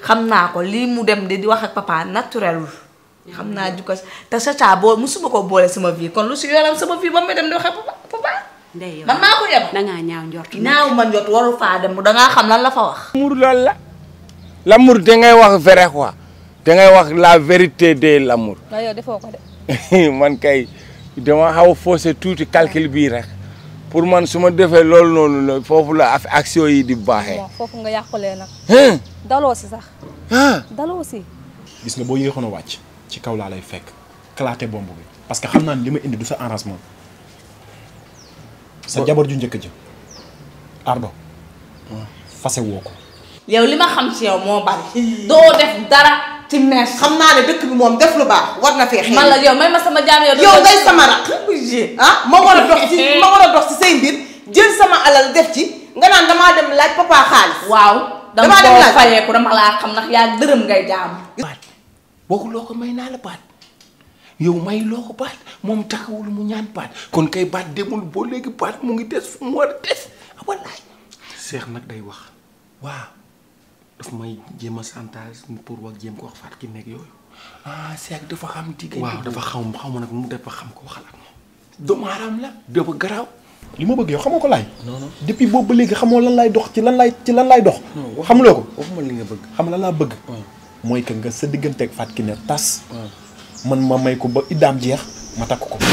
xamna ko li mu dem di wax ak papa naturel xamna naa ko ta sa caa boo musuma ko bolé sama vie kon lu su yoram sama vie ba dem di wax ak papa papa ndey yow man maa ko yem da nga ñaaw ndort ñaaw ma ndort waru fa dem da nga xam lan la fa wax mur lol la l'amour de ngay wax vrai quoi de ngay wax la vérité de l'amour ah, yow defoo ko de man kay dama xaw fausser faussé calcul bi rek pour man su ma defee loolu noonu la foofu la action yi di baaxee. foofu nga yàqulee nag. daloo si sax. daloo si. gis nga boo yéexoon a wàcc ci kaw laa lay fekk claté bomb bi parce que xam naa ne li ma indi du sa arrangement sa jabar ju njëkk ji ardo ah. fase ko. yow li ma xam ci yow moo bari doo def dara. ci mèche xam naa ne dëkk bi moom def lu baax war na fee man la yow may ma sama jaam yow. yow sama rakk. ah ma war a dox ci a dox ci say mbir jël sama alal def ci nga naan damaa dem laaj papa xaalis. waaw damaa dem laaj xam ndax yaa dërëm ngay jaam. baat waxuloo ko may naa la baat yow may loo ko baat moom taxawul mu ñaan baat kon kay baat demul boo léegi baat mu ngi des fu mu war des ah, walaay. seex nag day wax waaw. daf may jéem a chantage pour wax jéem ko wax Fatou Kiné nekk yooyu. ah Seck dafa xam diggante. waaw dafa xam xaw ma nag mu dafa xam ko xalaat moom. doomu aadama la dafa garaaw. li ma bëgg yow xamoo ko laay. non depuis boobu ba léegi xamoo lan lay dox ci lan lay ci lan lay dox. xamuloo ko waxuma li nga bëgg. xam lan laa bëgg. mooy que nga sa digganteeg ki Kiné tas. man ma may ko ba iddaam jeex ma takk ko.